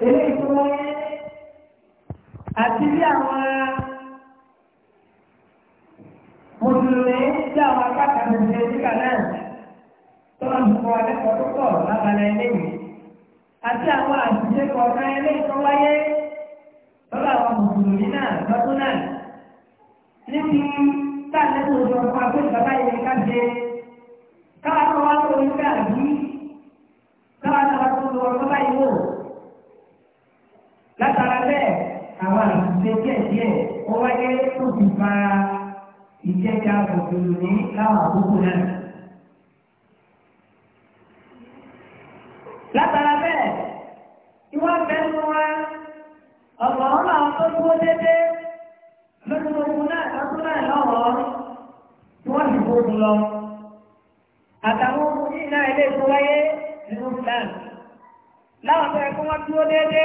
eléyìí tó wáyé àti bí àwọn mùsùlùmí bí àwọn akáàkiri ṣe nígbà náà tó ń kọ́ akẹ́kọ̀ọ́ tó pọ̀ lábala eléyìí àti àwọn àṣìṣe kọ̀ọ̀kan eléyìí tó wáyé lọ́dọ̀ àwọn mùsùlùmí náà lọ́dún náà níbi táà lẹ́nu ìjọba pé bàbá yẹn ká ṣe káwá tó wá. látara bẹ́ẹ̀ àwọn àtúnṣe díẹ̀díẹ̀ ó wáyé tó fi fa ìjẹ́jà òkèlú ní láwọn àkókò náà. látara bẹ́ẹ̀ ìwọ fẹ́nu wa ọ̀pọ̀ ọ̀nà tó dúró dédé lórí ogun náà lọ́dún náà lọ́wọ́ tí wọ́n sì gbógun lọ. àtàwọn ogun yìí náà ilé ìfowóyé nínú plan láwọn tó yẹ kó wọ́n dúró dédé.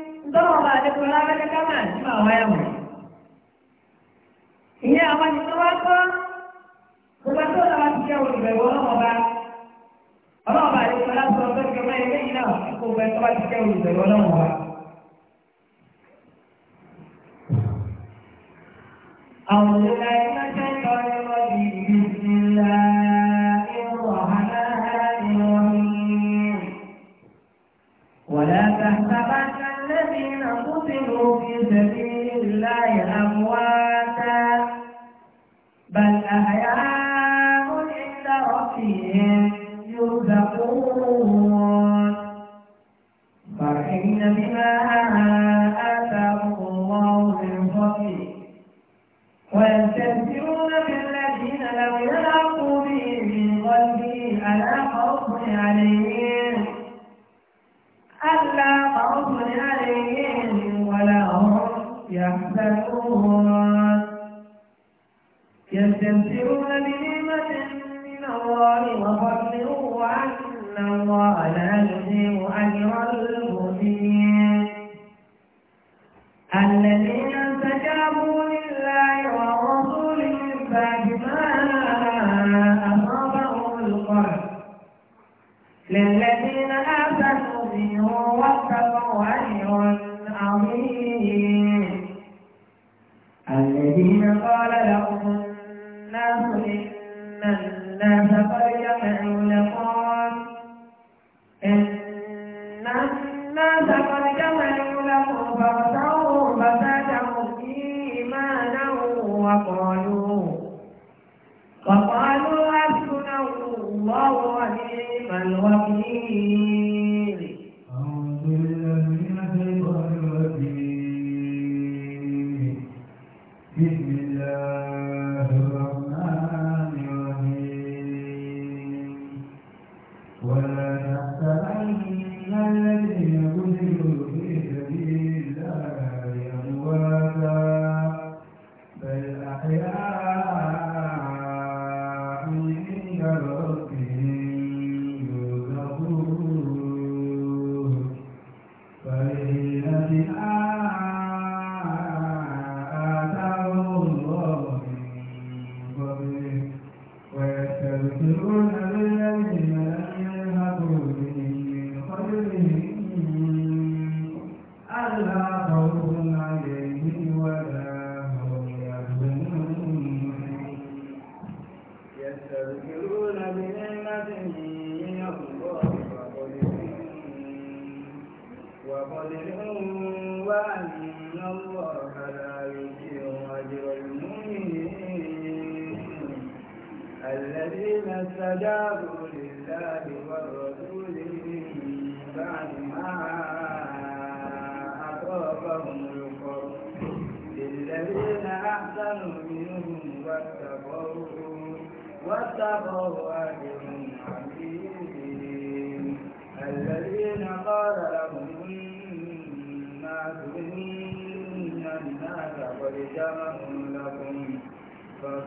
tọ́wọ́ bá àdékò lábẹ́lẹ́ ká máa sí àwọn ẹ̀wọ̀n. ìyẹn àwọn ìṣẹ́ wá kọ́ gbogbo tó lọ́wọ́ ti jẹ́ olùbẹ̀wò ọlọ́mọba ọlọ́mọba àdékò láti ọ̀gbẹ́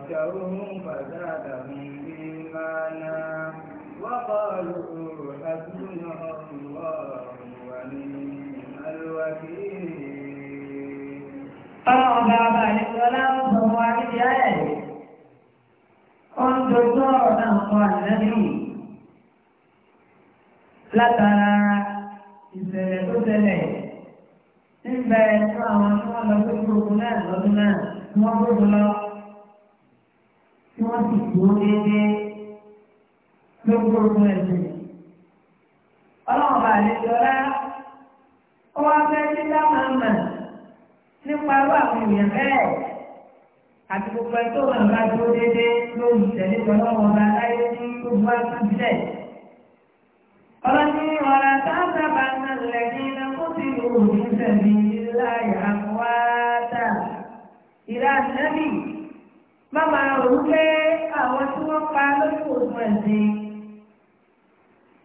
وذكروا فزادهم إيمانا وقالوا حسبنا الله ونعم الوكيل ọlọ́run bá bá nípa ọrụ ọmọ àrídìí ayẹ̀ yìí ó ń dojú ọ̀rọ̀ náà fún àìlẹ́bí látara ìṣẹ̀lẹ̀ tó ṣẹlẹ̀ nígbà ẹ̀ṣọ́ àwọn tí wọ́n lọ sí gbogbo náà lọ́dún náà wọ́n gbogbo lọ. wọ́n sì dúró déédéé lóko ọdún ẹ̀sìn. ọlọ́run bá lè lọ́lá ó wá fẹ́ dídá máa mà nípa irú àwọn èèyàn bẹ́ẹ̀ àti gbogbo ẹ̀ tó wà bá dúró déédéé lórí ìtẹ̀lé ọlọ́run bá láyé ní gbogbo àtúntìlẹ̀. ọlọ́ni ọ̀rá sáńsá bá ń nà lẹ́yìn iná kó sì lò ó ní sẹ̀mí láyà wáátà ìlà sẹ́mì má máa rò pé àwọn tí wọ́n pa lórí òògùn ẹ̀sìn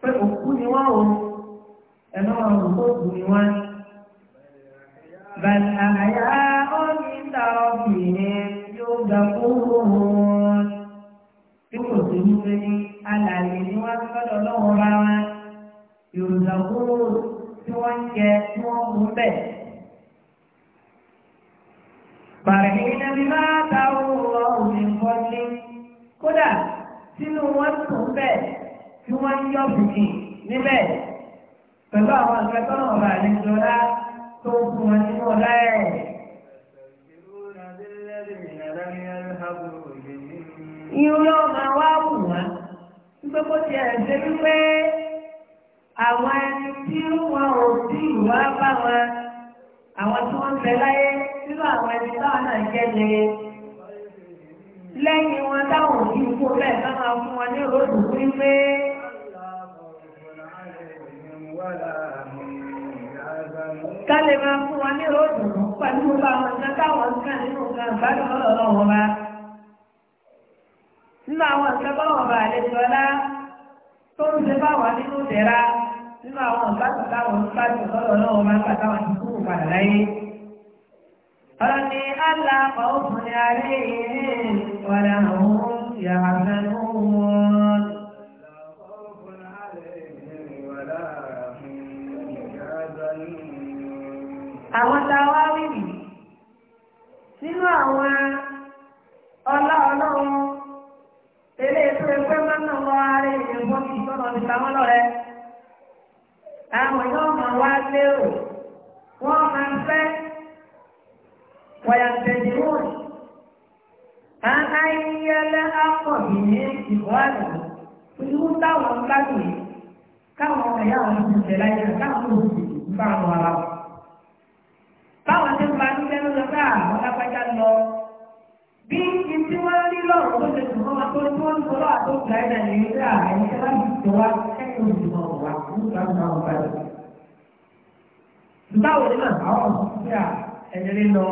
pé òkú ni wọ́n o ẹ̀ má òkú ni wọ́n. bàtà àyà ọ́nìta ọ̀bìnrin yóò gbà kúrò wọn bí kò sí wípé ní alàyè ni wọ́n ti fọ́dọ̀ lọ́wọ́ bá wọn yorùbá kúrò tí wọ́n ń jẹ tí wọ́n mú bẹ́ẹ̀. فرحين بما آتاه الله من فضله kódà sínú wọn tún bẹ́ẹ̀ tí wọn ń yọ bùkì níbẹ̀ pẹ̀lú àwọn akẹ́kọ̀ọ́ náà bá àlejò ọlá tó ń fún wọn nínú ọlá ẹ. irun náà máa wá wù wá wípé bó ti ẹ̀ ṣe wípé àwọn ẹni tí wọn ò sí ìwà bá wọn àwọn tí wọ́n ń bẹ láyé nínú àwọn ẹni táwọn náà jẹ́ ni lẹ́yìn wọn táwọn òbí kó bẹ́ẹ̀ ká máa fún wọn ní ròdù wípé. ká lè máa fún wọn ní ròdù pẹ̀lú gbogbo àwọn nǹkan táwọn ń kà nínú nǹkan ìgbádùn ọlọ́rọ̀ wọn bá. nínú àwọn nǹkan báwọn bá àlejò ọlá tó ń ṣe báwọn nínú ìdẹ̀ra nínú àwọn ìgbádùn táwọn ń gbádùn ọlọ́rọ̀ wọn bá pàtàkì kú padà láyé. Ọ̀ni aláàpọ̀ òfin àrí ìrìn wàdà òun yàrá fẹ́nu wọn. Àwọn táwa wíwì nínú àwọn ọlá ọlọ́run eléyìí ẹgbẹ́ máa ń nà wọ́n ara ènìyàn fún ìtọ́nà nípa wọn Àwọn yóò máa wá lérò wọ́n máa ń fẹ́ wọ̀yàtẹ̀jì wọ́n. Aláìyẹ́lẹ́ akọ̀bí ní ìwádìí, irú táwọn ń gbádùn yìí, káwọn ọmọ ìyá àwọn ti tẹ̀lé ayé rẹ̀ káwọn ló ti bá wọn ara wọn. Báwọn ti ń ba ní kẹ́lú lọ sáà wọn lápájá lọ. Bí ibi tí wọ́n rí lọ́rùn tó ṣe tùmọ́ wọn tó tí wọ́n ń bọ́lọ́ àtọ́kùnrin náà ní ilé ààrẹ ní kẹ́lá ti tẹ̀wá kẹ́kọ̀ọ́ ìdìbò ọ̀wà nígbà tó náà wọ́n bá yọ báwo ni náà àwọn ọ̀sùnfẹ́ à ẹni rí lọ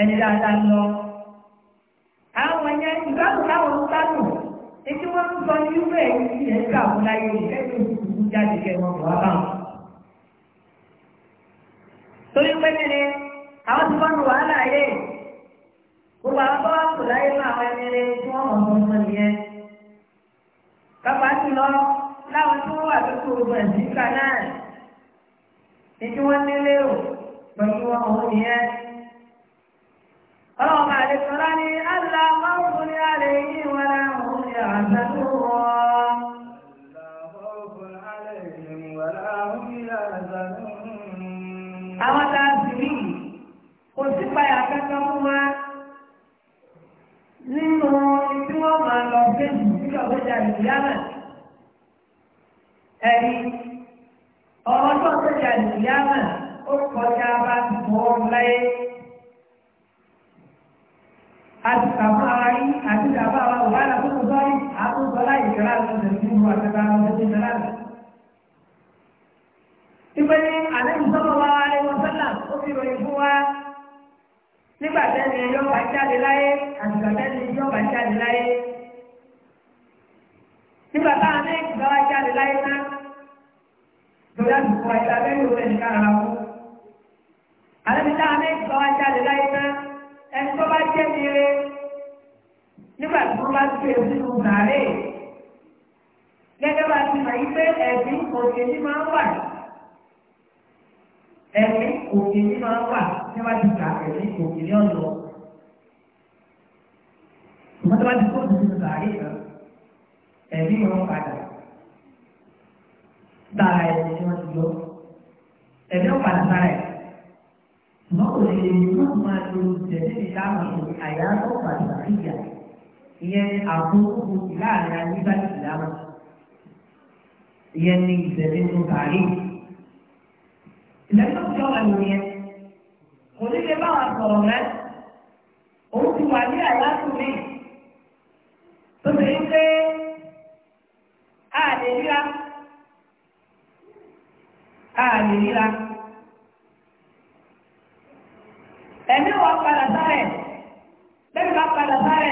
ẹni dáadáa lọ. àwọn yẹn ìgbàlù táwọn ń sánù etí wọ́n ń sọ irú ẹ̀ yìí ẹ̀ ń kà wọ́n láyé ìfẹ́yìn òkùnkùn jáde kẹ́ wọn wá bá wọn. torí pé nílé àwọn ti fọ́nù wàhálà yé gbogbo àwọn bá wà kù láyé fún àwọn ẹni rẹ tí wọ́n mọ̀ ọ́n mọ̀ nìyẹn. bàbá ti lọ láwọn tí wọ́n wà lókè ogun ẹ̀sìn kan náà. nítorí wọ́n ní o pẹ̀lú àwọn nìyẹn. ọlọ́run lè sọ́lá ní àlá ní àlè yìí wọn láwọn oúnjẹ àṣàlù wọn. a sì rí kò sí payà nínú máa lọ ẹ̀rí ọ̀rọ̀ tó ń tẹ̀lé àdìyá náà ó kọjá bá ti mọ̀ ọ́ láyé. àti bàbá ara yìí àti bàbá ara ò bá la tó kó sọ́ọ́rí àtúntò láyé ìjọba àti ìjọba ìjọba àtàbà àwọn ọmọdé ìjọba rẹ̀. ìpè ní alẹ́ ìsọ́nà wa alẹ́ wọn sọ́nà ó fi ròyìn fún wa nígbà tẹ́lẹ̀ yọ̀ọ̀ bá jáde láyé àtìgbà tẹ́lẹ̀ yọ̀ọ̀ bá jáde láyé. àsìkò àìsàbẹ́ yóò fẹ́ nìkan ara wọn. àlẹ́bíta amẹ́jì bá wá jáde láyé tán ẹni tó bá jẹ́ mi rẹ nígbà tí wọ́n bá gbé e sínú sàárè gẹ́gẹ́ bá ti mọ̀ yí pé ẹ̀sìn òkè ní máa ń wà ẹ̀sìn òkè ní máa ń wà ní wọ́n ti gbà ẹ̀sìn òkè ní ọ̀dọ́ ìmọ̀tọ́ bá ti kó òkè sínú sàárè kan ẹ̀mí wọn padà tara ẹni tí wọ́n ti yọ ẹ̀mí ọ̀pá ti tara ẹ̀ ṣùgbọ́n kò lè yọ máa lo tẹ̀lé ìdáhùn àyà ọ̀pá ti tara ìyà ìyẹn àkókò láàrin ayébá ìdáhùn ìyẹn ní ìtẹ̀lé tó kárí. ìlẹ́tọ̀ tí ọ̀la ló yẹ kò ní lè bá wa sọ̀rọ̀ rẹ òun ti wà ní àyà tó ní tó ti ń pé àdébíyá. ààrẹ ríra ẹ̀mí wa padà sáré ma bá padà sáré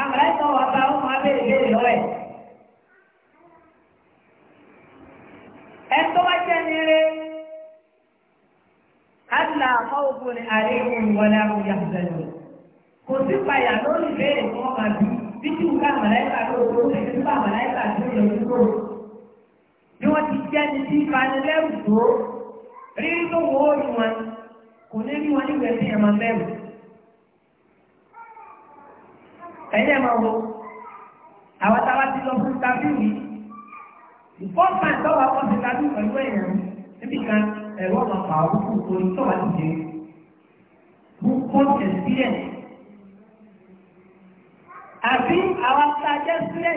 àmàlà ìtọ́ wa bá ọmọ abẹ́rẹ́ ìbéèrè lọ́wọ́ ẹ̀. ẹ̀tọ́ wa jẹ́ nílé àdìlà àkọ́wọ́gbò ní ààrẹ ìwọ̀n ìwọlé àwọn ìyàgbẹ́lú kò sí payà lórí ìbéèrè fún ọmọ àbí bí tí ká òkú òkú ni wọ́n ti jẹ́ ní tí ìfanilẹ́rù dúró rírí tó wọ́ orí wọn kò ní rí wọn nígbà tí ẹ̀mọ mẹ́rù. ẹ̀yin ẹ̀mọ wo àwọn táwa ti lọ fún tábìlì yìí ìfọ́nfà ìtọ́wà kan ti tábìlì pẹ̀lú ẹ̀yàn níbi kan ẹ̀rọ ọmọ pàwọ́ kù orí tó wà nídìí mú kóòtù ẹ̀sìlẹ̀ àbí àwọn tá a jẹ́ sílẹ̀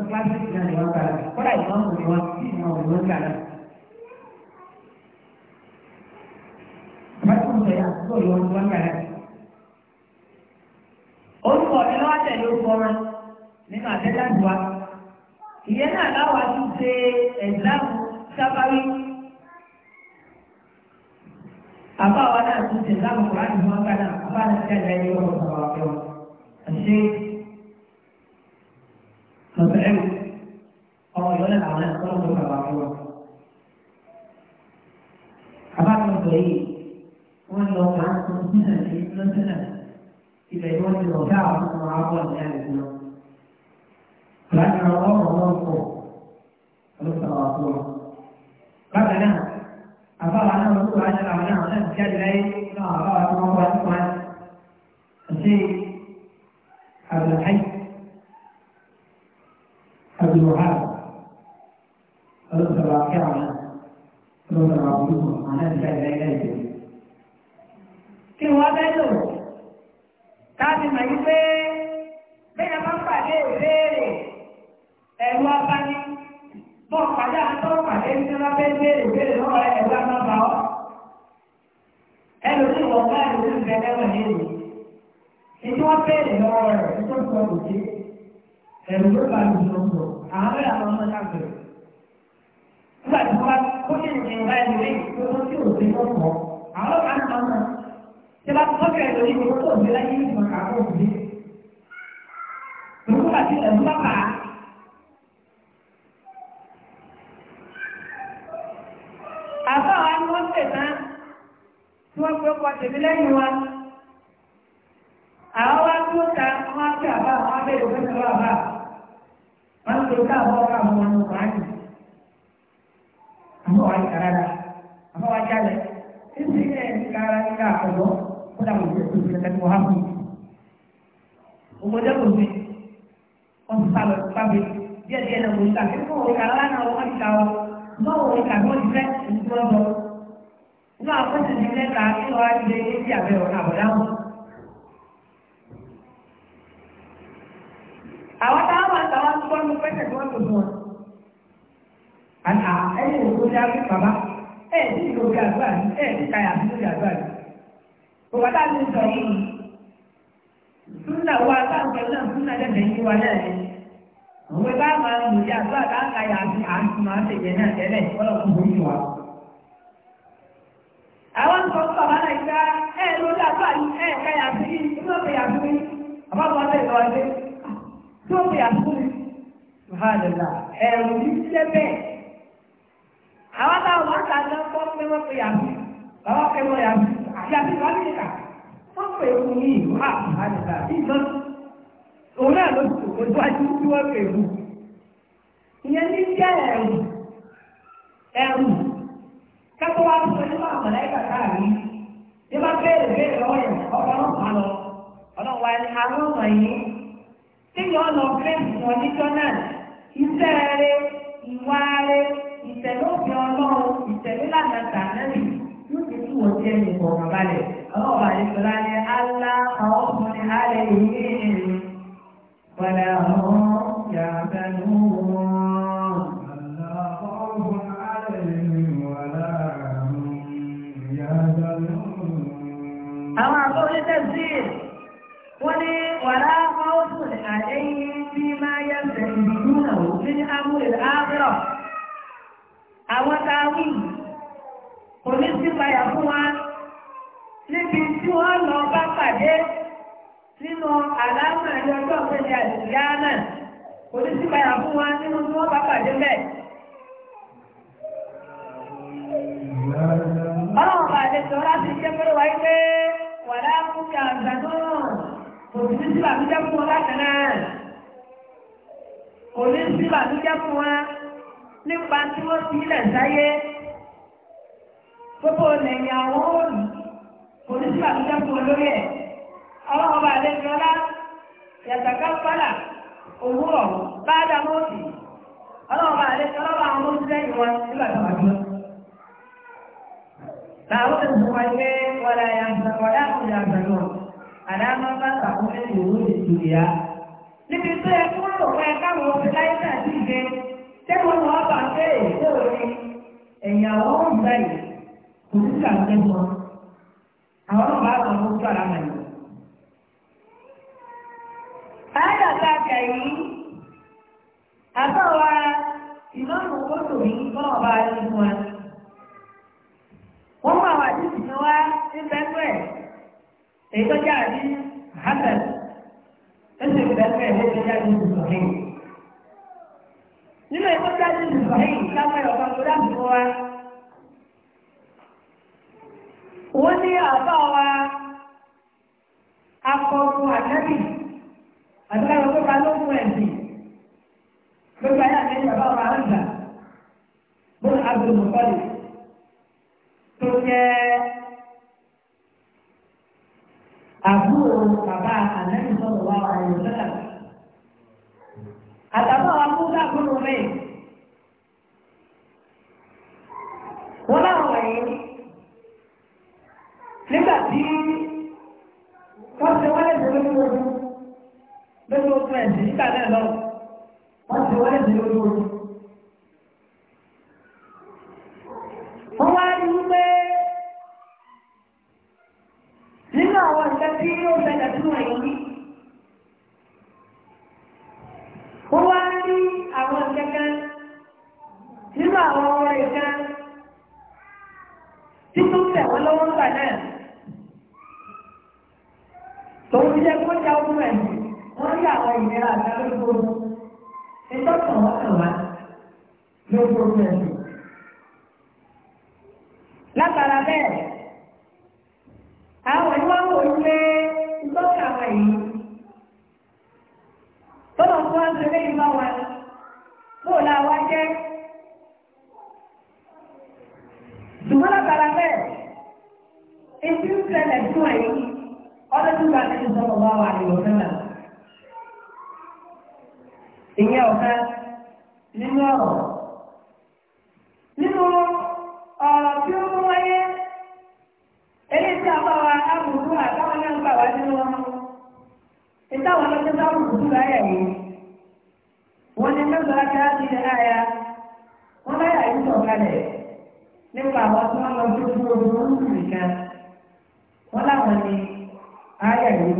wọn kíláàsì náà ni wọ́n gbà lọ kọ́dà ìmọ̀ọ́mù ni wọ́n sì mọ̀ òun ló gbà lọ. Bàtú sọ yà kúrò lọ sí wọn gbà lọ. Orúkọ mi lọ́wọ́ tẹ̀lé ó fọ́nrán nínú àtẹ́jáde wa. Ìyẹn náà láwa tún ṣe ẹ̀dáàbò sábáwí. Àbá wa náà tún ṣe ẹ̀dáàbò kùránì fún wọn gbà náà. Àbá náà ṣẹ̀dá ẹ̀yẹ wọn sọ̀rọ̀ àbẹ̀wò. Àṣé sọ̀tẹ̀lẹ́wò ọmọ ìyọ́lẹ̀ àwọn ẹ̀kọ́ lọ́dọ̀ bàbá wọn. Bàbá mi sọ yìí, wọ́n lọ bá ń sọ sínú ní lọ́sẹ̀lẹ̀. Ilẹ̀ ìwọ́n ti lọ bá àwọn ọmọ àwọn ọ̀nà ẹ̀kọ́ lọ. Bàbá mi ọwọ́ ọmọ ọkọ̀ ọlọ́sọ̀rọ̀ àpò wọn. Bákan náà, bàbá wa náà ló wà ní àwọn náà náà jáde láyé náà bàbá wa tó wọ́n wá nípa ṣe àbẹ̀lẹ̀ الجمعات فلسة واقعة فلسة ربكم أنا لا إله إلا kí wọ́n bẹ́ lò káàdì mọ̀ yí pé bẹ́ẹ̀ máa ń pàdé ìbéèrè ẹ̀rù abáni bọ́ pàdé àtọ́ pàdé ní sẹ́wọ́n abẹ́ béèrè béèrè lọ́wọ́ ẹ̀rù abábá ọ́ ẹ̀rù tí wọ́n bá ẹ̀rù tí bẹ́ẹ̀ lẹ́wọ̀n nílùú ètò wọn béèrè lọ́wọ́ rẹ̀ tó ń sọ òjì ẹ̀rù ló bá lù lọ àárẹ̀ àwọn ọmọ náà bẹ̀rẹ̀. nígbà tí wọ́n bá kó ní ìrìn ìrìn ìrìn ìrìn tó tó tí ò sí lọ́pọ̀ àwọn ọ̀gá náà máa ṣe bá kọ́ bẹ̀rẹ̀ lórí ìwé tó ń bẹ̀rẹ̀ yìí ìgbọ̀n àwọn òbí. Òkú àti ẹ̀rú bá Àbá wa ni wọ́n pè tán tí wọ́n pé ọkọ̀ tèmi lẹ́yìn wa. Àwọn wá tó ta wọ́n fi àbá àwọn abẹ́rẹ́ òfin lọ́wọ́ àbá. wọ́n ń lo káàbọ̀ káàbọ̀ wọn ló wáá nì. àmọ́ wàá yàrá rárá àmọ́ wàá jálẹ̀ títí ẹ̀ ń kára nígbà àkọ́kọ́ kó dà wọ́n tó ti tẹ̀lé wọ́n á fún un. òmòdé kò sí wọ́n ti sálọ pàbí díẹ̀ díẹ̀ náà wọ́n ti kà kí wọ́n wọ́n kàrá náà wọ́n ti kà wọ́n náà wọ́n kà wọ́n ti fẹ́ ìdúró lọ. inú àkọsí ti lẹ́ka kí wọ́n fẹ́ tẹ̀síwọ́n tó fún wọn. àná ẹ̀yìn òkú ní arí bàbá ẹ̀ ní ìlú òkè àdúrà ní ẹ̀ ní káyà ní òkè àdúrà ní. bàbá tá sọ yìí súnà wa táwọn náà súnà lẹ́sẹ̀ yìí wa náà ni. òwe bá máa ń lòdì àdúrà tá a káyà àti àti máa tẹ̀yẹ náà tẹ́lẹ̀ kọ́lọ́ àwọn nǹkan tó bàbá náà gbá ah, ẹ lórí àbá yìí ẹ ká yàtú yìí tó bẹ yàtú yìí àbá Subhanallah ẹ̀rù ní sílẹ̀ bẹ́ẹ̀. Àwọn táwọn máa ń ya ní ya pé ya pe ya bàbá ya wọ́n ya àti ya ìlú ya Wọ́n ya é ya yìí ya Subhanallah ya Òun ya ló ya kò ya tí ya pè ya Ìyẹn ya jẹ́ ya ẹ̀rù ya wa ya nípa iṣẹ́ rere ìwà rere ìtẹ̀lófin ọlọ́run ìtẹ̀lélànà tànẹ́bì yóò ti tú wọ́n jẹ́ ìfọ̀rọ̀ balẹ̀ ọlọ́ọ̀bà ìṣọ̀lá alá àwọn àwọn yàgbẹ́ sí wọ́n ní bí máa yá sí ní amúlẹ̀ áàbẹ̀rọ̀ àwọn táwí kò ní sí payà fún wa níbi tí wọ́n lọ bá pàdé nínú àlámà ẹni ọjọ́ ìpínlẹ̀ àdìyá náà kò ní sí payà fún wa nínú tí wọ́n bá pàdé bẹ́ẹ̀. Ọlọ́run bá wáyé pé wàlá fún kí àgbà náà kò sí sí bàbí jẹ́ fún kò ní sí ìbànújẹ́ fún wa nípa tí wọ́n fi ilẹ̀ sáyé gbogbo lẹ́yìn àwọn òòlù kò ní sí ìbànújẹ́ fún olórí ẹ̀ ọlọ́wọ́ bá lè fi ọlá yàtàkà pálà òwúrọ̀ bá dá mọ́ọ̀sì ọlọ́wọ́ bá lè fi ọlọ́wọ́ àwọn ọmọ sílẹ̀ yìí wọn nígbà tó wà jùlọ. Láwọn ènìyàn wá gbé wọlé àyàǹsà wọlé àkùnrin àgbàdo àdámọ́ bá sàkúnlé ìwúrí ìtòlíyà. níbi tó yẹ fún ẹ káwọn ọ̀sẹ̀ ndị náà sì gbé ṣé lọ bá ṣe èso ni ẹ̀yìn àwọn ọ̀hún kò sí kàńtẹ́ mọ́ àwọn àwọn ọmọ tó ara yìí kótó yìí ọba wa. wọ́n ẹsẹ̀ ìgbàgbọ́ ẹ̀ lẹ́sẹ̀ jáde ní ìsọ̀hìn. nínú ẹ̀kọ́ jáde ní ìsọ̀hìn lápẹ́ ọ̀gá tó dáàbò wa. wọ́n ní àbá wa akọ̀ọ̀kọ̀ àtẹ́bì àtẹ́bì tó bá ló fún ẹ̀sìn. gbogbo ayé àti ẹ̀yìn bàbá wa gbà bó abdul mọ̀kọ́lì.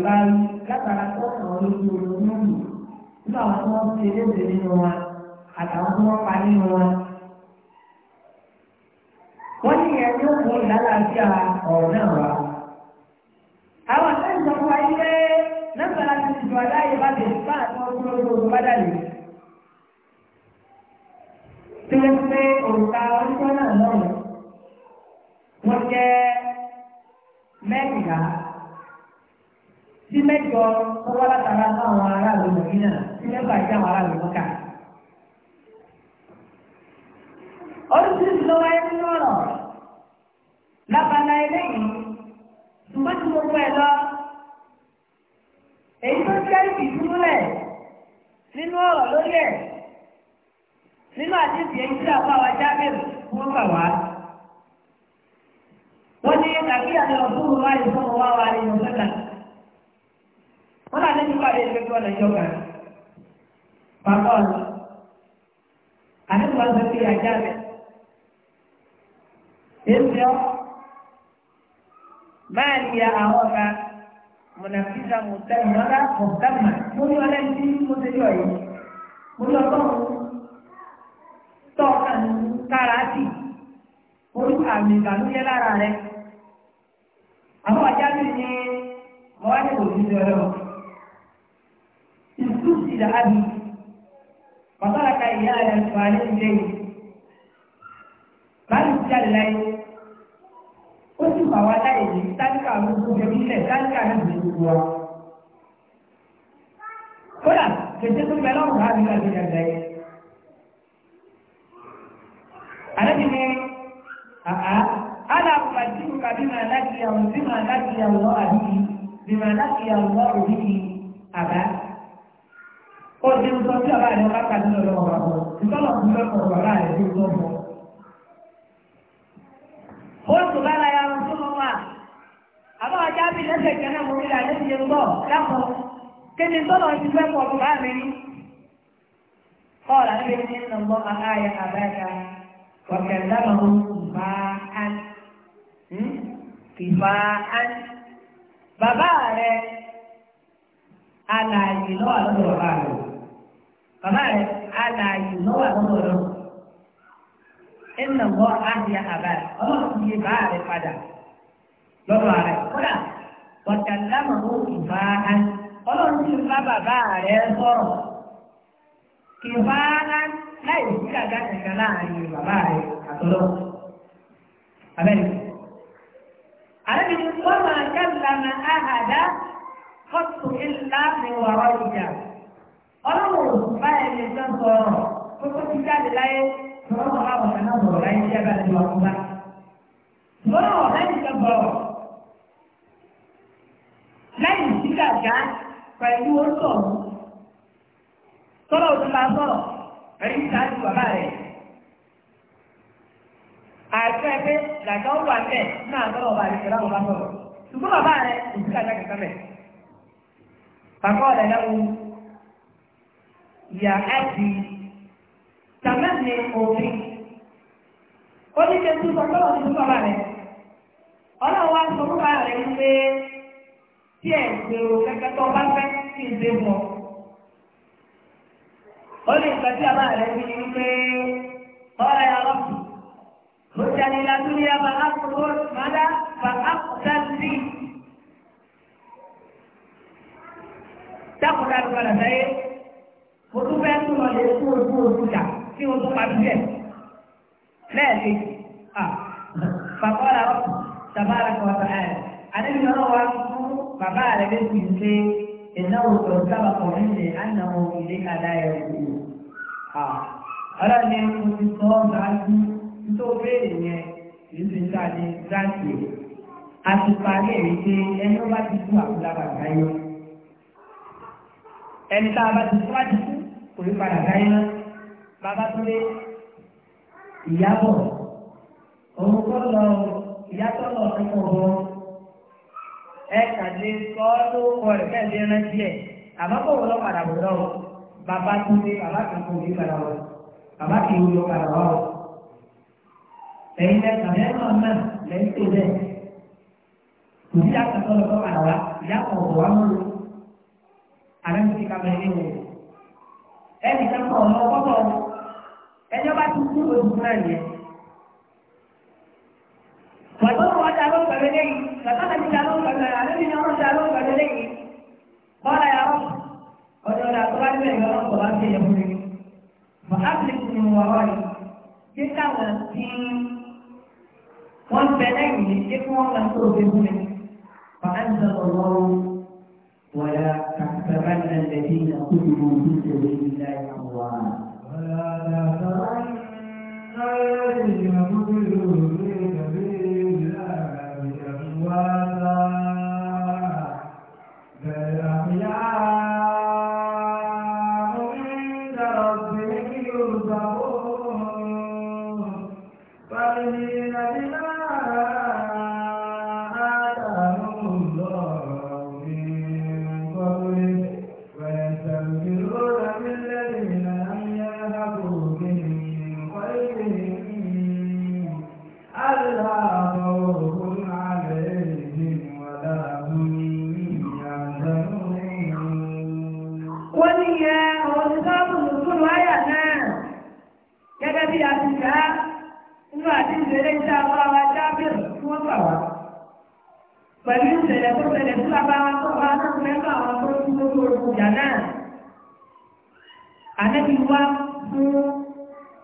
bá rí látara tó kàn án lójú olóyún nù nínú àwọn tí wọ́n ti eléde nínú wọn àtàwọn tí wọ́n pa nínú wọn. wọ́n ní ìyẹn tí ó kún ìlàlàáfíà ọ̀rọ̀ náà wá. àwọn akẹ́kọ̀ọ́ sọ fún wa yí pé nọ́ọ̀sì láti ti jọ aláyè bá lè fún àwọn ọmọ ológun ológun bá dà lè. tí wọ́n ti pé òrùka oníṣẹ́ náà lọ́rùn wọ́n jẹ́ mẹ́rìnlá sí mẹ́jọ ọwọ́ látara àwọn aráàlú nàìjíríà sí mẹ́fà ìjà àwọn aráàlú mọ́kà. oríṣiríṣi ló wáyé nínú ọ̀rọ̀ lábala eléyìí ṣùgbọ́n tí mo pẹ́ lọ èyí tó jẹ́ ìdúmúlẹ̀ nínú ọ̀rọ̀ lórí ẹ̀ nínú àdéhùn èyí tí àwọn àwọn ajá bẹ̀rù wọ́n kà wá. wọ́n ní àbí àlọ́ ọ̀dúnrún wáyé fún wa wà nínú sẹ́kàtì wọ́n láti ní pàdé ìgbẹ́gbẹ́ ọ̀nà ìjọba bàbá ọ̀nà àdéhùn ọ̀sẹ̀ fi àjá rẹ̀ èsì ọ́ máa ní ya àwọn ọ̀gá mọ̀nàfíìsà mọ̀tẹ́mọ̀lá mọ̀tẹ́mà mo ní ọlẹ́ tí mo ti yọ yìí mo ní ọtọ́ òun tọ́ọ̀kan tára sí orúkọ àmì ìbànújẹ́ lára rẹ̀ àwọn àjá mi ní mo wá ní kò sí ọlọ́run. عند أبي فترك إيانا فعليه جيد بل جل ó sì bá wa láyé yìí táǹkà ló tó jẹ nílẹ̀ táǹkà náà lè gbogbo wa. kódà kèsì tó bẹ lọ́rùn láàbí láti dàgbà yẹn. àlejò ni àá ala kùbàtí kàbí máa láti yàwó bí máa láti yàwó lọ àbí bí ó di sọ sí ọ̀rá rẹ̀ ọ̀rá kan nínú ọ̀rọ̀ ọ̀rọ̀ ìtọ́lọ̀ fún lọ́kọ̀ ọ̀rá rẹ̀ tó tó o ó sùn lára ya ń fún ọmọ àbá ọjà bí lẹ́sẹ̀ kan náà mo rí àlẹ́ ti ń bọ̀ lápọ̀ kí tọ́lọ̀ ti fẹ́ pọ̀ bàbá mi rí. kọ́ọ̀lá ń bẹ ní nàmbọ́ àkáyà àbáyà wàkẹ̀ńdàmọ̀ fàáhán fìfàáhán hmm? bàbá rẹ̀ lọ́wọ́ bàbá rẹ̀ alààyè lọ́wọ́ àlọ́wọ́ ọlọ́run ẹnìnà wọ àdìyà àbá rẹ̀ ọlọ́run ti yé bàá rẹ̀ padà lọ́dọ̀ rẹ̀ kódà bọ̀tàlámà ó ìbá án ọlọ́run ti bá bàbá rẹ̀ sọ̀rọ̀ ìbá án láì sí gàgà kankan láàrin bàbá rẹ̀ àtọ́lọ́ abẹ́rẹ́. àlejò wọ́n máa jẹ́ lànà àhàdá kọ́tù ìlànà ìwà ọ̀rọ̀ ìjà ọlọ́run báyìí lè sọ sọ̀rọ̀ tó tó ti jáde láyé sọ̀rọ̀ wọn bá wọn náà sọ̀rọ̀ láyé tí a bá ti wà fún bá. sọ̀rọ̀ wọn láyé sọ sọ̀rọ̀ láyé sí gàgá pẹ̀lú oṣù sọ̀rọ̀ tó máa sọ̀rọ̀ pẹ̀lú ìsáájú bàbá rẹ̀. àìsàn ẹgbẹ́ gàgá ó wà bẹ́ẹ̀ náà sọ̀rọ̀ bàbá rẹ̀ sọ̀rọ̀ bàbá sọ̀rọ̀ ṣùgbọ́n bàbá rẹ̀ kò sí gàgá kẹ̀kẹ́ bẹ̀. bàbá náà yà ábì tàmẹ́ni òfin oníṣẹ́tù sọ pé òní fún bàbá rẹ̀ ọlọ́run wá sọ fún bàbá rẹ̀ ń pé tí ẹ̀ gbèrò kẹ́kẹ́ tó bá fẹ́ kí n ṣe mọ̀ ó lè gbà tí bàbá rẹ̀ wí ni pé ọ̀rẹ́ ọlọ́pù ó jáde lásìrí àbá àkókò mọ́dá bá àkókò sí. Dákùnrin àti padà sáyé. o tún fẹ́ tó lọ kú ojú ojú jà tí o tún parí bẹ́ẹ̀. bàbá bàbá ẹ̀ bàbá fi ṣe ìnáwó tó ń sábà kọ̀ nílé ànáwó ilé kàdá ẹ̀ wò. mo ti sọ ọ́ tó béèrè yẹn ṣe ẹ̀. a ti parí ẹni ó bá ti tú àkúlábà ẹni tá a bá ti kò ní padà ká iná Babátúndé Ìyábọ̀ òun kọ́ lọ ìyàtọ̀ lọ sí ọ̀rọ̀ ẹ kàdé sọ ọ́ tó kọ rẹ̀ kẹ́ẹ̀dé rántí ẹ̀ àmọ́ kò wọ́n lọ padà bọ̀ lọ́wọ́ Babátúndé bàbá kì í kò ní padà wọ̀ bàbá kì í lọ padà wọ̀ ẹ̀yin lẹ́ka mẹ́rin ọ̀nà lẹ́yìn tó bẹ́ẹ̀ kò sí àkàtọ́ lọ́kọ́ padà wá ìyá ọ̀rọ̀ wa mọ́ lọ àrẹ́mìtì kàmẹ́rin wọ̀ ẹnì kan kọ̀ ọ̀nà ọkọ̀tọ̀ ẹni ọba ti kú ewu náà yẹn. Bàbá wọn dá ló ń pẹ̀lú eléyìí, bàbá mi dá ló ń ni wọ́n dá ló ń pẹ̀lú eléyìí. Bọ́lá ya rọ̀, ọ̀dọ̀ ọ̀dà tó bá ń bẹ̀rẹ̀ lọ́wọ́ kọ̀ bá ń bẹ̀rẹ̀ fún mi. Bàbá mi ti mú wa wọ́ọ̀lì, ṣé káwọn tí wọ́n bẹ lẹ́yìn ní ṣé kí wọ́n máa tó òfin fún mi? Bàbá mi sọ̀rọ̀ lọ́wọ́. ولا تحسبن الذين قتلوا في سبيل الله اموالا ولا تحسبن الذين قتلوا في سبيل nígbà tí ìṣẹ̀lẹ̀ iṣẹ́ abáwa jábìr tí wọ́n gbà wá. Pẹ̀lú ìṣẹ̀lẹ̀ tó ṣẹlẹ̀ sí abáwa tó wá tó mẹ́fà àwọn tó ń tó tó ìjà náà. Ànẹ́bí wá fún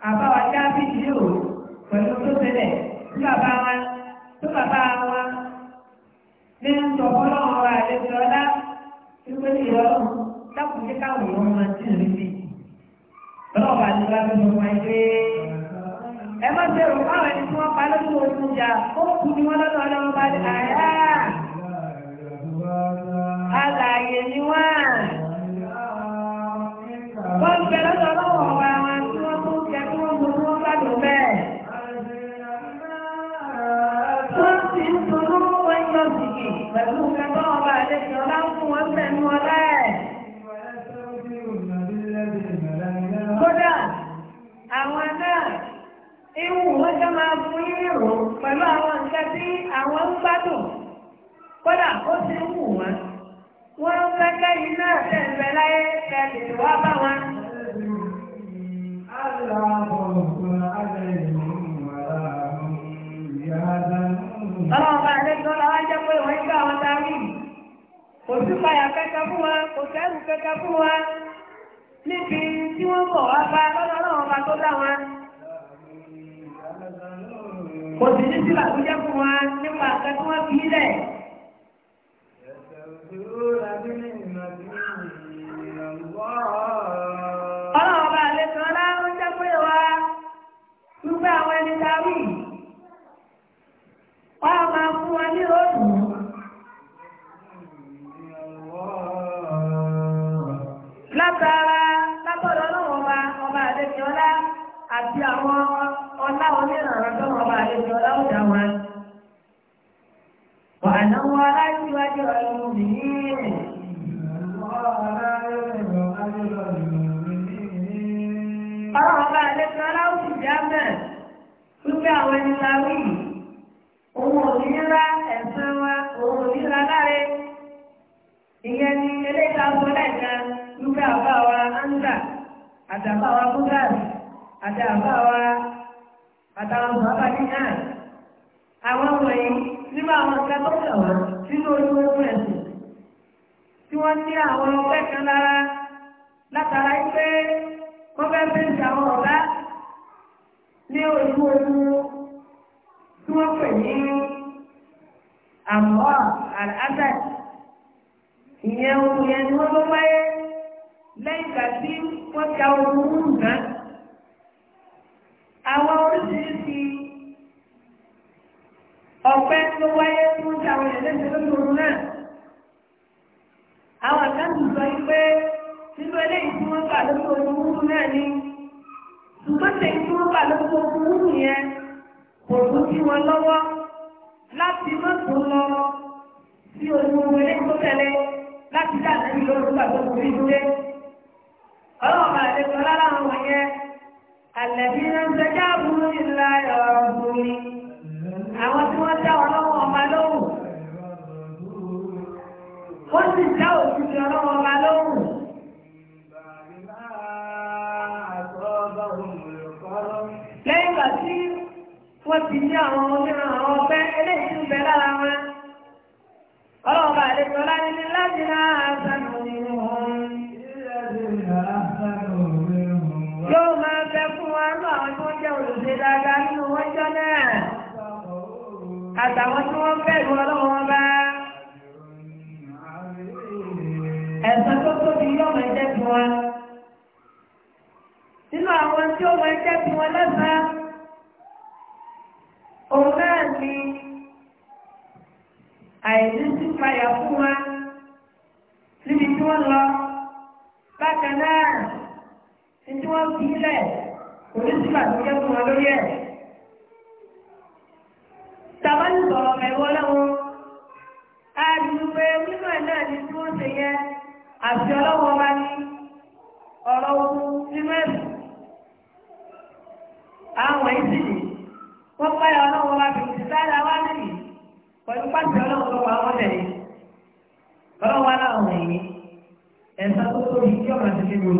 abáwa jábìr yìí pẹ̀lú tó ṣẹlẹ̀ sí abáwa tó bàbá wa ní ń sọ fọ́lọ́ ọ̀rọ̀ àlejò ọlá wípé ìrọ̀rùn dákùnjẹ́ káwọn èèyàn ti rí sí. Ọlọ́ọ̀bà ti bá fún wa pé ẹ má bẹ̀rù fáwọn ẹni tí wọ́n pa lọ́dún ogun jà ó kú ni wọ́n lọ́dún ọlọ́run bá dé àyà. kódà ó ti wù wọn wọ́n ń fẹ́ kẹ́yìn náà tẹ̀sẹ̀ láyé tẹ̀sẹ̀ wá bá wọn. Ọlọ́run bá lè tọ́ lọ́wọ́ jẹ́ pé wọ́n gbé àwọn tàbí. Kò sí payà kẹ́kẹ́ fún wa, kò sẹ́rù kẹ́kẹ́ fún wa. Níbi tí wọ́n bọ̀ wá bá lọ́lọ́run bá tó dá wọn. Kò sì ní sílà tó jẹ́ fún wa nípa àkẹ́kọ̀ọ́ fi lẹ̀. يستبشرون بنعمة من الله ọlọ́run ọba àlejò ọlọ́run jẹ́ pé wá dúpẹ́ àwọn ẹni tàbí wọ́n máa fún wọn ní ọlá àti àwọn ọba àlejò ọlá ó wọn. àti àbáwa kúgàs àti àbáwa àtàwọn bàbá níyà àwọn wọ̀nyí nínú àwọn akẹ́kọ̀ọ́ wà nínú olówó ẹ̀sìn tí wọ́n ní àwọn ọgbẹ́ kan lára látara pé wọ́n fẹ́ fi ń ṣe àwọn ọ̀gá ní ojú ojú tí wọ́n pè ní àmọ́ àlásàdì ìyẹn ohun yẹn ni wọ́n ló wáyé lẹ́yìn ìgbà tí wọ́n ti àwọn ohun ńgá àwọn oríṣiríṣi ọ̀pẹ tó wáyé fún àwọn ìrẹsẹ̀ lórí oorun náà àwọn àkáǹtì sọ yìí pé nínú eléyìí tí wọ́n gbà lórí oorun wúrú náà ni ṣùgbọ́n tẹ̀yìn tí wọ́n gbà lórí oorun wúrú yẹn kò tún sí wọn lọ́wọ́ láti má tó lọ sí oorun eléyìí tó tẹ̀lé láti dá àtẹ́yìn lórí oorun gbàgbọ́ orí ọlọ́run bá ṣe sọ lára àwọn wọ̀nyẹ àlẹ́bí náà ń sẹ́jà àbúrò ìlà ọ̀rọ̀ bùnmi àwọn tí wọ́n dá ọlọ́run ọba lóhùn wọ́n sì dá òṣìṣẹ́ ọlọ́run ọba lóhùn. lẹ́yìn ìgbà tí wọ́n ti ní láti náà àṣà. àtàwọn tí wọ́n bẹ̀rù ọlọ́wọ́n bá. ẹ̀sán tó tóbi yóò máa jẹ́ fún wa. nínú àwọn tí ó máa jẹ́ fún wa lọ́sàn-án òun náà ni àìní sí payà fún wa níbi tí wọ́n lọ bákan náà ní tí wọ́n fi ilẹ̀ onísìlà tó jẹ́ fún wa lórí ẹ̀ tàbá ti sọ̀rọ̀ mẹ́wọ́ lọ́wọ́ àdúgbò onímọ̀ náà ni tí wọ́n ṣe yẹ àti ọlọ́wọ́ wa ní ọ̀rọ̀ ogun símẹ́ẹ̀sì àwọn èsì yìí wọ́n páyà ọlọ́wọ́ wa kì í ti sáyà wá nìyí pẹ̀lú pàṣẹ ọlọ́wọ́ wa wọ́n tẹ̀lé ọlọ́wọ́ aláwọ̀ yìí ẹ̀sà tó tóbi kí ọmọ àti kéwòn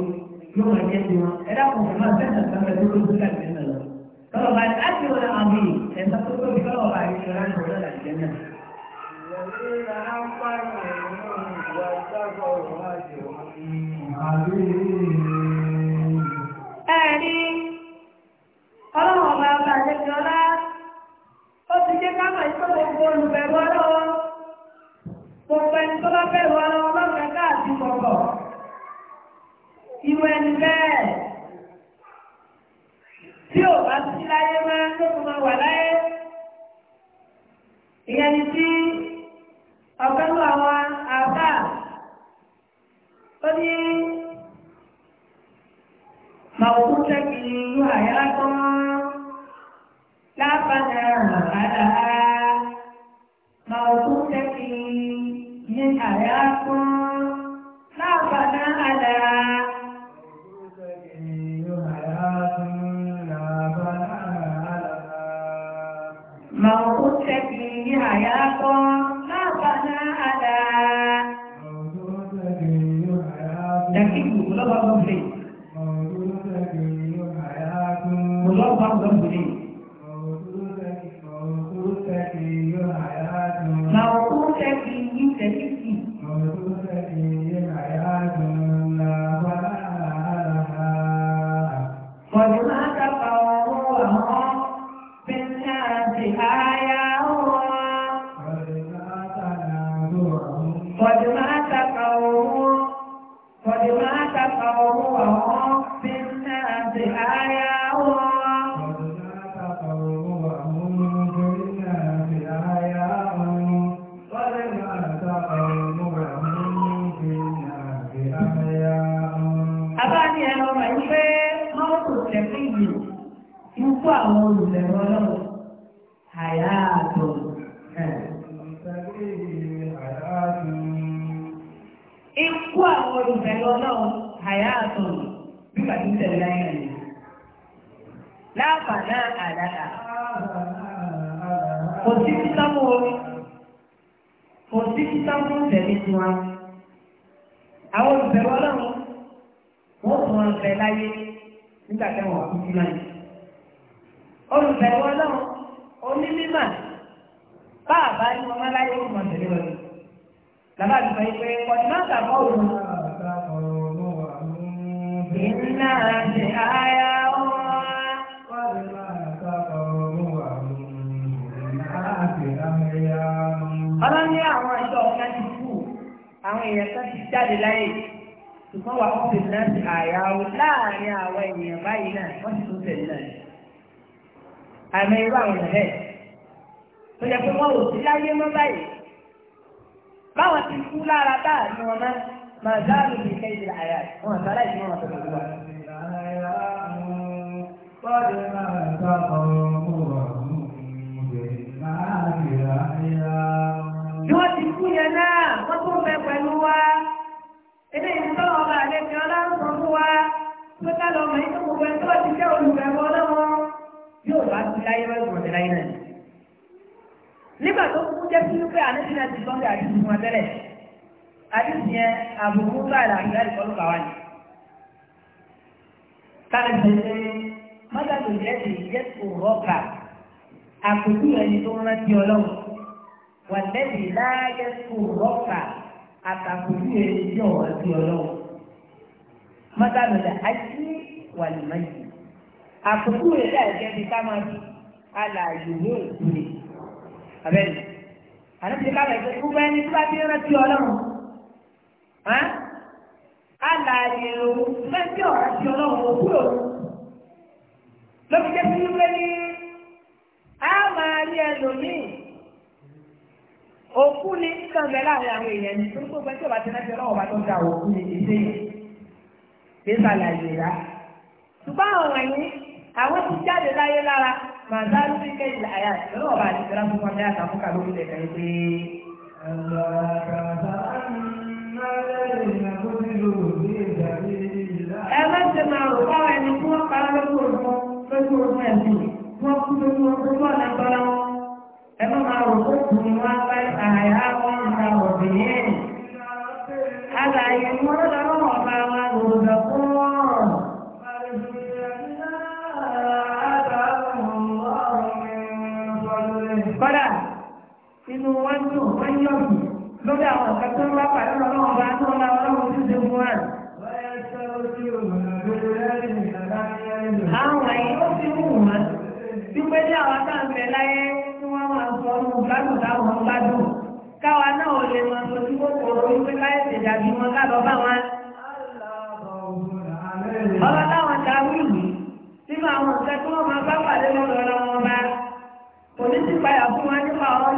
yóò máa jẹ́ tiwọn ẹ̀dá kò fún wa sẹ́sà sábẹ́ tó lóṣù láti ẹ̀ Kalau baik hati orang ambil, yang satu pun kalau baik orang orang lagi jangan. Eh kalau orang baik orang, ó ti jẹ́ ká máa ìtọ́ gbogbo olùbẹ̀rù ọlọ́wọ́ gbogbo ẹni tó bá bẹ̀rù ọlọ́wọ́ lọ́gbẹ̀ẹ́ láyé máa tó kó máa wà láyé ìyẹn ni tí ọ̀pẹ́ lọ àwọn àbá ó ní màwùkú tẹ́kì ìlú àyàlá kan lábàdà màwùkú tẹ́kì ìyẹn àyàlá ti kú lára táàrí wọn náà máa dáàbò bí kẹ́ ìdílé àyà wọn àti aláìsí wọn àti ọ̀dọ́ wa. jẹ́ kí wípé àníbi náà ti gbọ́n bí àdìsí wọn tẹ́lẹ̀ àdìsí yẹn àbùkù báyìí làwọn ìyá ìkọlù kà wá ní. káàdì ṣe mọ́tàkì jẹ́ ti jẹ́ kò rọ́ọ̀kà àkókò ẹni tó rántí ọlọ́run wà lẹ́bi láàyè kò rọ́ọ̀kà àtàkùkù ẹni tí ò rántí ọlọ́run. mọ́tàkì jẹ́ àjí wà ní mẹ́yì àkókò ẹ̀dá ìjẹ́bi ká máa fi alàyè ní òkúlẹ̀ abẹ́rẹ́ àti kálẹ̀ pé gbogbo ẹni tí bá ti rántí ọlọ́run alààyè òun rántí ọ̀rá sí ọlọ́run òkúrò lóbi jẹ́ sí wípé ní a máa rí ẹlòmíì òkú ni kànbẹ láàrin àwọn èèyàn ní tó gbogbo ẹni tí ọba ti rántí ọlọ́run ọba tó ń da òkú ni ìdílé yìí kí sàlàyé rà ṣùgbọ́n àwọn wọ̀nyí àwọn ti jáde láyé lára màdá sí kéjì àyà ìṣẹ́lẹ̀ ọba àti ìṣẹ́lẹ̀ fún ọjà àtàkùnkà lórí ilẹ̀ kan pé. ẹ má ṣe máa rò báwọn ẹni tí wọ́n pa lójú ogun ẹ̀sìn.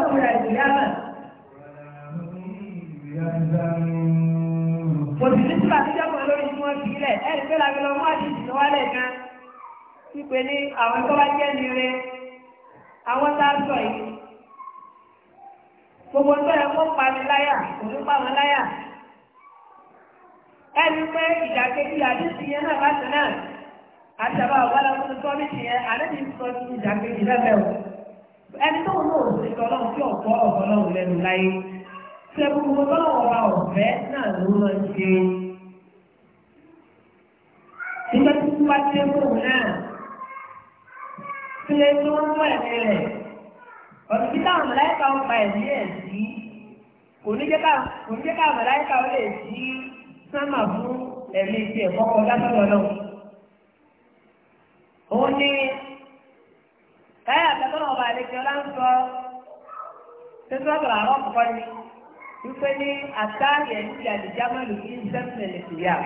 lọ́gbọ̀dà ìgbìyàmà. kò sì ní túbà tí jọ́pọ̀ lórí tí wọ́n fi lẹ̀ ẹ̀rí pé làbí lọ wọ́n àti ìdìbò wálẹ̀ gan. wípé ní àwọn tó bá jẹ́ nire àwọn tá a sọ yìí. gbogbo tó yẹ kó pa mi láyà kò ní pa wọn láyà. ẹ̀rí pé ìdàkejì àdéhùn yẹn náà bá tẹ̀ náà àtàwọn àwọn ọ̀gá lọ́kùnrin tó bí tiẹ̀ àdéhùn sọ ìdàkejì lẹ́fẹ̀ẹ́ ẹni tó ń lò ó sí ọlọ́run tí ọ̀pọ̀ ọ̀pọ̀ ọlọ́run lẹ́nu láyé ṣe gbogbo ọlọ́run ọba ọ̀fẹ́ náà ló lọ ṣe. nígbà tí wọ́n bá dé fóun náà sílé tó ń mú ẹ̀mí rẹ̀ ọ̀sùn tí táwọn mọ̀láyíkà ń pa ẹ̀mí ẹ̀ sí kò jẹ́ káwọn mọ̀láyíkà ó lè sí sánmà fún ẹ̀mí tiẹ̀ kọ́kọ́ lásán lọ́nà. òun ni àlejò láńsọ tẹ́tọ́ àgbà àwọn ni wípé ní àtàrí ẹ̀ níbi àlejò ní sẹ́fìlẹ̀ nàìjíríà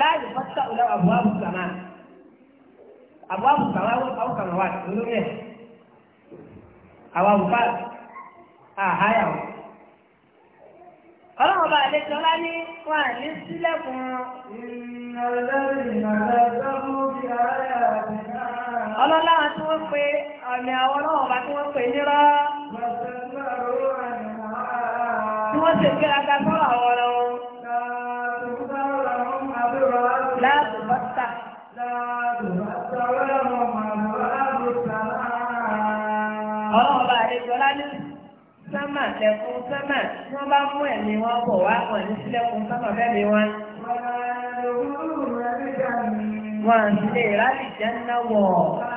láàyè pásítà ọ̀la àbúrò àbùkàmá àbúrò àbùkàmá àbùkàmá wà lórí ẹ̀ àwọn àbùkà àháyàwó. ọlọ́run bá àlejò lá ní wọn à sílẹ̀kùn. ìrìn àlẹ́ ìrìn àlẹ́ sọ́kùn bí ọlọ́lá tí wọ́n pe ọ̀nà àwọn náà tí wọ́n pe nírọ́ tí wọ́n ṣe gbé aga àwọn ọlọ́run bá àlejò lálẹ́ wọ́n bá mú ẹ̀mí wọn bọ̀ wá wọn ní sílẹ̀kùn sẹ́mà bẹ́ẹ̀ mi wọn. wọn àti lè rálì jẹ́ ń náwọ̀.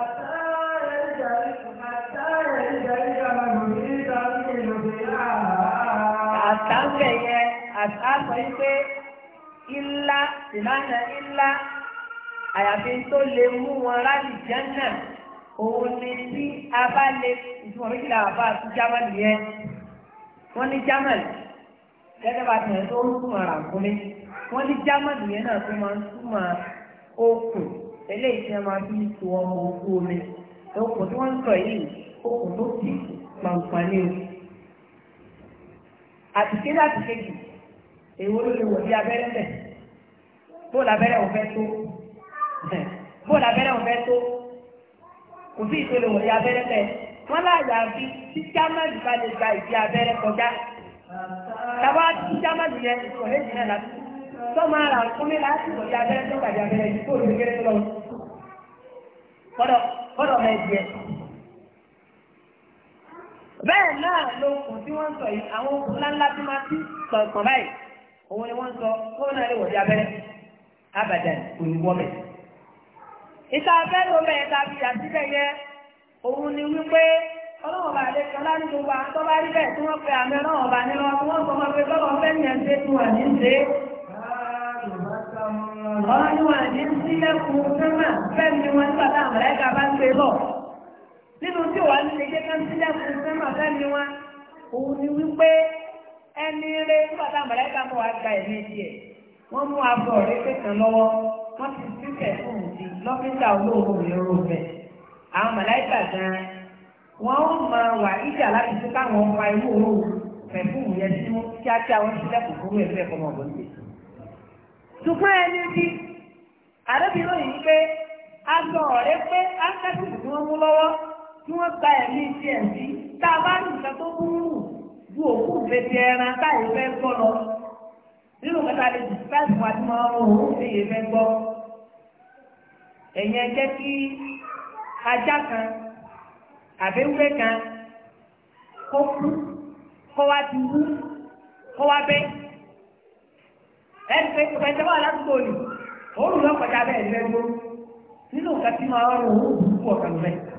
àtàǹfẹ̀ yẹn àtàǹfẹ̀ yìí pé ńlá ìlànà ńlá àyàfi tó lè mú wọn láti jẹ́nà òun ni tí a bá lè ìtumọ̀ méjìlá àbá àti jámánì yẹn wọ́n ní jámánì gẹ́gẹ́ bá tẹ̀lé tó ń túmọ̀ rà kúnlé wọ́n ní jámánì yẹn náà tó máa ń túmọ̀ okùn eléyìí tí wọ́n máa fi tu ọmọ ogun omi okùn tí wọ́n ń sọ yìí okùn tó ti pàǹpàní o àtìké láti kéjì èwo ló lè wọ̀ sí abẹ́rẹ́ bẹ̀ bóòlù abẹ́rẹ́ òun fẹ́ tó bóòlù abẹ́rẹ́ òun fẹ́ tó kò sí ìtò lè wọ̀ sí abẹ́rẹ́ bẹ̀ wọ́n láàyè àfi tí jámánì bá lè gba ìdí abẹ́rẹ́ kọjá tàbá tí jámánì yẹn kò lè jìnnà láti sọ́mọ ara fúnmi láti wọ̀ sí abẹ́rẹ́ tó gbàdí abẹ́rẹ́ yìí kó o lè kéré tó lọ. kọ́dọ̀ kọ́dọ̀ mẹ́ẹ̀dì bẹ́ẹ̀ náà lókun tí wọ́n sọ yìí àwọn ńláńlá tí máa ti pọ̀npọ̀n báyìí òun ni wọ́n sọ kóun náà lè wọ̀ abẹ́rẹ́ abàdàn òyìnbó mẹ́. ìta abẹ́rẹ́ omi ẹ̀ ta fi àtibẹ̀ yẹ òun ni wípé ọlọ́wọ́n bá lè kan láti gbogbo àwọn tó bá rí bẹ́ẹ̀ tí wọ́n pe àmì ọlọ́wọ́n bá nínú ọdún wọ́n sọ wọn pé lọ́wọ́ fẹ́ ní ẹ̀ṣẹ́ tí wọ́n ní ṣe. ọlọ́wọ́n ní wọ́n ní sílẹ̀kùn fẹ́mà nínú tí wàá nílé jẹ́ ká ń sílẹ̀ fún sẹ́mà sẹ́mi wá òun ni wípé ẹni rẹ nígbà tá àmàlẹ́kà mọ̀ wá gba ẹ̀mí tiẹ̀ wọ́n mú abọ́ rẹ pẹ̀tàn lọ́wọ́ wọ́n ti síkẹ̀ fún un sí lọ́fíńdà olóòrò ìró rẹ̀ àwọn àmàlẹ́kà gan wọ́n máa wà ìjà láti fún káwọn inú òru tí wọ́n gba ẹ̀mí ti ẹ̀mí tá a bá ní nǹkan tó kúrú ju òkú fèsì ẹran táyé fẹ́ gbọ́ lọ nínú kẹta lè jù láti wá tí wọ́n mú òun fi yé fẹ́ gbọ́ ẹ̀yẹn jẹ́ kí ajá kan àbẹ̀wé kan kó kú kó wá ti wú kó wá bẹ́ ẹ̀ẹ́dẹ́gbẹ́ ìpẹ́jọ́ wà ládùúgbò ni òun lọ́kọ̀ọ́jà bẹ́ẹ̀ lẹ́gbẹ́ nínú kẹta tí wọ́n mú òun fi yé fẹ́ gbọ́.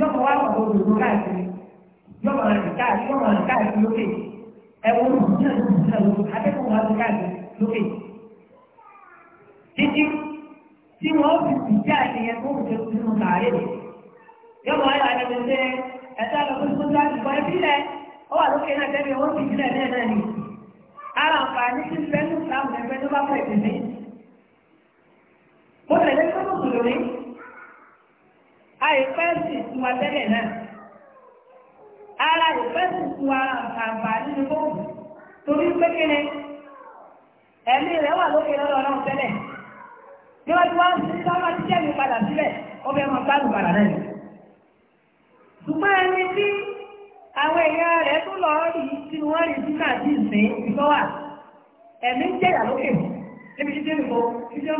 yọ̀bọ̀ wá pàtó òdòdó káàkiri yọ̀bọ̀ rẹ̀ káàkiri yọ̀bọ̀ rẹ̀ káàkiri lókè ẹ̀wọ̀n òdòdó náà lókè akẹ́kọ̀ọ́ wá sí káàkiri lókè. títí tí wọ́n fi sì já ìyẹn tó ń ṣe nínú sàárè yọ̀bọ̀ rẹ̀ àgbẹ̀dẹ̀ ṣe ẹ̀ta lọ́kọ́ tó ń tó àìpẹ́sì fún wa tẹ́lẹ̀ náà ara àìpẹ́sì fún wa àǹfààní ní bóòlù torí pékeré ẹ̀mí rẹ̀ wà lókè lọ́dọ̀ náà tẹ́lẹ̀ bí wọ́n ti wá sí tíṣẹ́ mi padà sílẹ̀ ọbẹ̀ ọmọ gbádùn padà náà ni. ṣùgbọ́n ẹni tí àwọn èèyàn rẹ̀ lọ rí tí wọ́n rí sí náà sí ìsìn ẹ̀mí jẹ̀yà lókè níbi títí títí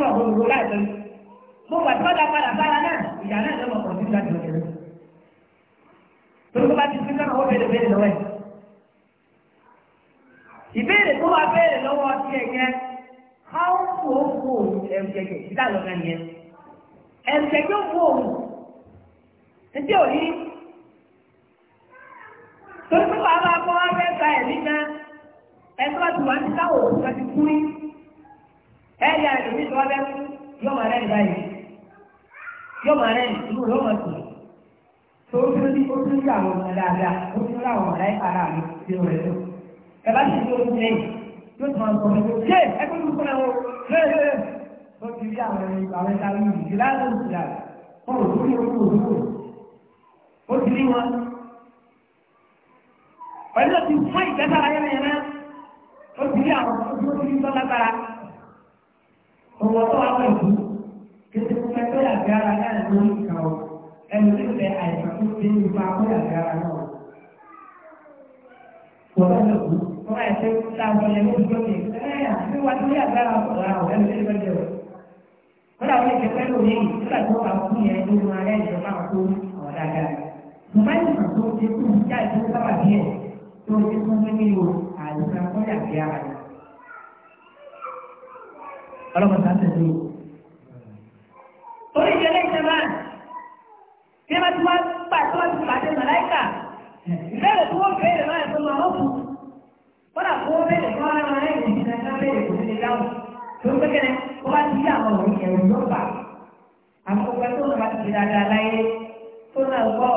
gbogbo padà bára náà ìyá náà ti jáde lọ́kẹ́ rẹ̀. torí kó bá ti sílẹ̀ náà wọ́n bẹ̀rẹ̀ bẹ̀rẹ̀ lọ́wọ́ ẹ̀. ìbéèrè tó wà bẹ̀rẹ̀ lọ́wọ́ ti ẹ̀ yẹn how to go ẹ̀mùkẹ̀kẹ̀ ìdá lọ́kẹ́ yẹn. ẹ̀mùkẹ̀kẹ̀ wò ó ẹtí ò ní. torí kó bàbá kọ́ wá fẹ́ gba ẹ̀mí náà ẹ̀tọ́ bá ti káwọ̀ òkú ká ti kú rí. ẹ̀yà ìdòmí tó wá bẹ́ẹ̀ yọ̀ yóò máa rẹ́yìn inú yóò máa sùn tó ó tún ní ó tún ní àwọn ọmọ dáadáa ó tún ní àwọn ọmọ láìka ara mi ti rẹ̀ lọ. ẹ bá ti ní ojú lẹ́yìn yóò tún máa ń sọ fún mi ṣé ẹ kó tún fún ẹ o ṣé ẹ ṣe ó ti rí àwọn ẹni àwọn ẹni táwọn yìí ti láàrín òsì rà wọn ò tún ní ojú òdúgbò ó ti rí wọn. pẹ̀lú ó ti fún ìjẹ́sára yẹn yẹn náà ó ti rí àwọn ọmọ tó ti rí Títí mo fẹ́ pé àgbára náà ló ń kà ó. Ẹnu ní ìfẹ́ àìsàn tó ti ń gba pé àgbára náà. Wọ́n lọ kú. Wọ́n máa ṣe láàbọ̀ yẹn lójú tó ní. Ẹ ẹ́ wá sí àgbára ọ̀la ọ̀ ẹnu ní ìfẹ́ jẹ̀rọ. Wọ́n làwọn ẹ̀jẹ̀ pẹ́ lò yẹn nígbà tó bá kú yẹn ló máa rẹ̀ jọ máa kó ọ̀ dáadáa. Mo ìdí eléyìí náà tí wọ́n ti wá gbà tí wọ́n ti pàdé màláìkà ìbéèrè tí wọ́n béèrè náà ẹ̀ tó lọ ọ́ fún kọ́dà kó wọ́n béèrè kí wọ́n rán ẹ̀yìn ìdí náà béèrè kò sí lè dáhùn tó ń pékeré kó bá ti yí àwọn òyìn ẹ̀rù ló bà àwọn ọgbẹ́ tó lọ bá ti tó náà gbọ́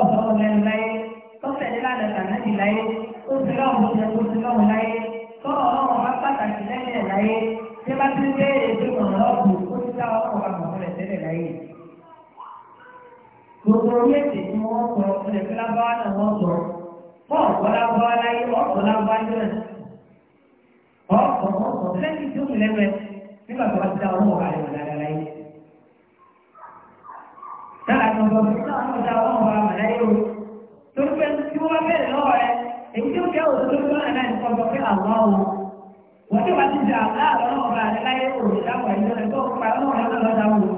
ọ̀dọ́ ọ̀lẹ́nu bá pàtàkì lẹ́yìn ẹ̀ láyé tí bá ti ń béèrè tó lọ́wọ́ ọ̀gbìn ó ti dá ọkọ̀ àmọ̀ rẹ̀ tẹ́lẹ̀ láyé gbogbo orí èdè wọ́n sọ ilẹ̀ tí lábáwá náà wọ́n sọ fún ọ̀pọ̀ lábáwá láyé ọ̀pọ̀ lábáwá yẹn lẹ́yìn tí ó fi nígbà tó ti dá ọwọ́ ọ̀gá rẹ̀ wọ̀ láyé. dára ni ọ̀pọ̀ tó náà wọ́n dá ọwọ́ ọ̀gá rẹ̀ láyé o torí pé tí wọ́n bá bẹ̀rẹ̀ lọ́wọ́ rẹ̀ èyí tí jẹ́ òdodo tó náà náà nìkan jọ pé àwọn ọ̀hún wọ́n tí wọ́n ti dà láàárọ̀ ọ̀gá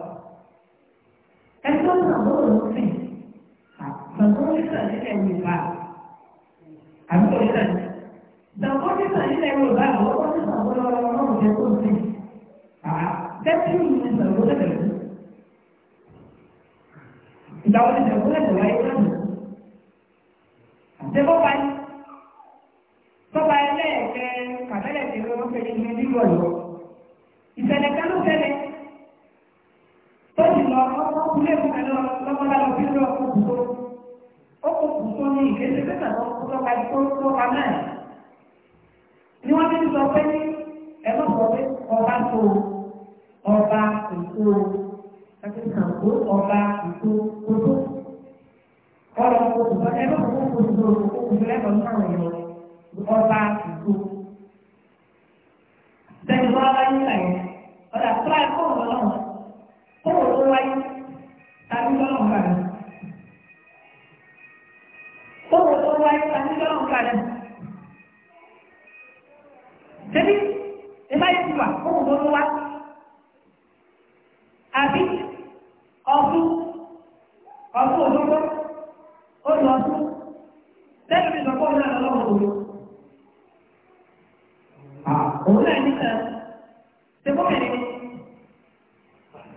但多少都有费，啊，很多人这些尾巴，很多人，很多人这些尾巴，很多人很多人弄些东西，啊，但是你们很多的人，你到底能不能来一个？这不白，不白嘞，这反正嘞，这个我们这里面的过路，你在那干路在嘞。lọ ọkọ̀ ilé ìfẹ́ lọ lọ́kọ́lá lọ sí lọ kó kùtó. Ó kó kùtó ní ìgbésẹ̀ pẹ́sà lọ kó lọ́ka tó tó ka náà. Ni wọ́n ti ń sọ pé ẹ̀rọ sọ pé ọba tó ọba kùtó àti sàǹkó ọba kùtó kótó. Ọ̀rọ̀ kó kùtó ẹ̀rọ kó kùtó kó kùtó lẹ́kọ̀ọ́ náà yọ ọba kùtó. Bẹ́ẹ̀ni wọ́n á wáyé sàyẹn. Ọ̀dà tó àìkọ́ ọ̀rọ̀ náà wáyé tàbí tọ́lọ̀ ń padà. Owó tó wáyé tàbí tọ́lọ̀ ń padà. Ṣébí ìbáyé ti wà owó tó ń wá. Àbí ọ̀fun ọ̀fun òdòdó ó lọ fún lẹ́yìn ìsọ̀kọ́ náà lọ́wọ́ òdòdó. Òun náà níta ṣe gómìnà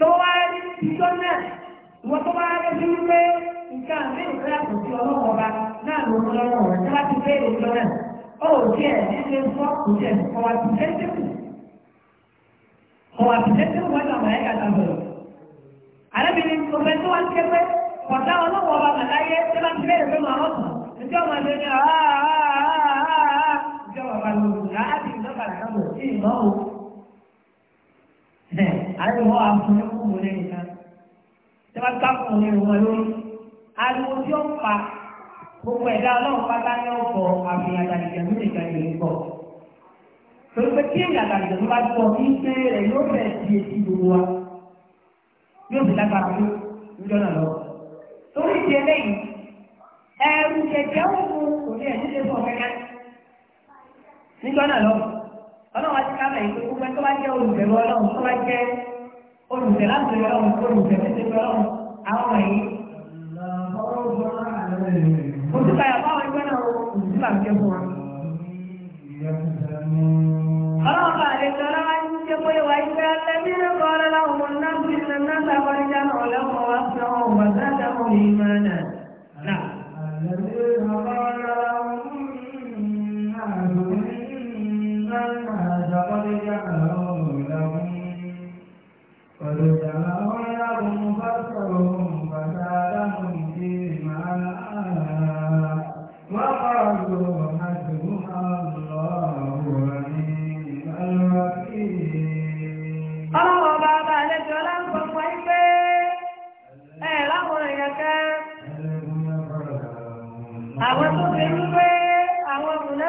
tọ́wá rí ìjọ náà wọ́n tó bá rẹ́ sí wípé nǹkan àmì ìfẹ́ àkùnjẹ ọlọ́wọ́ ọba náà ló ń lọ́wọ́ rẹ̀ tí wọ́n ti fẹ́ ìjọ náà ó jẹ́ nílé fún ọkùnjẹ ọwà tí tẹ́tẹ́ kù ọwà tí tẹ́tẹ́ kù wọ́n làwọn ẹ̀ka ta bẹ̀rẹ̀. àlẹ́bìnrin ọ̀fẹ́ tó wá ń ké pé ọ̀tá ọlọ́wọ́ ọba màláyé tí wọ́n ti fẹ́ ìfẹ́ màá ọ̀tún ǹjẹ́ ọmọ ilé ni àríwọ̀ àfúnni kúrò lẹ́yìn kan tí wọ́n ká kúrò lẹ́yìn wọn lórí ariwo tí ó pa gbogbo ẹ̀dá ọlọ́run pátá ní ọkọ̀ àfihàn àtàlìjẹ̀mú nìkan yìí ń torí pé kí èèyàn àtàlìjẹ̀mú bá gbọ́ kí pé yóò bẹ̀rẹ̀ sí etí gbogbo wa yóò fi lágbára tó níjọ́ náà lọ. torí ti eléyìí ẹ̀rù kẹ̀kẹ́ òun kò ní ẹ̀ nílé fún ọ̀kẹ́kẹ́ níjọ́ náà lọ́wọ́ ọlọ́run àti kábẹ̀ yìí gbogbo ẹni tó bá jẹ́ olùbẹ̀rẹ̀ ọlọ́run tó bá jẹ́ olùbẹ̀rẹ̀ láti ọlọ́run tó olùbẹ̀rẹ̀ tó bẹ̀rẹ̀ ọlọ́run àwọn wọ̀nyí. òtúbà yàtọ̀ àwọn ẹgbẹ́ náà òtúbà ń jẹ́ fún wa. ọlọ́run bá àlejò ọlọ́run ti ṣe pé wà iṣẹ́ lẹ́bí rẹ̀ kọ́ ọlọ́run náà وجعلناهم فسرهم فزادهم إيمانا وقالوا حسبنا الله àwọn tó fi ń gbé àwọn nínú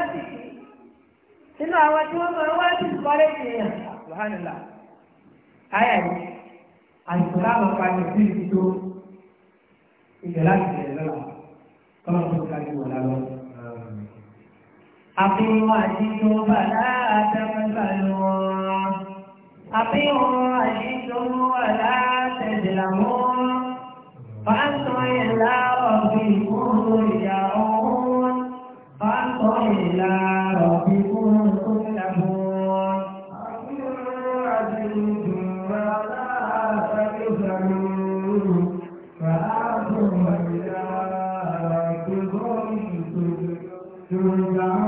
àwọn tí wọ́n mọ̀ wá sí Àyà àìsàn láwọn pàdé sí ibi tó ilẹ̀ láti bẹ̀rẹ̀ lọ́la tọ́lá tó kájú wọ̀ lálọ́. àfihàn àdìsọ bàlá àtẹ̀mẹ́fà lọ. àfihàn àdìsọ bàlá tẹ̀sílà mọ́. فأنتم إلى ربكم ترجعون فأنتم إلى Durga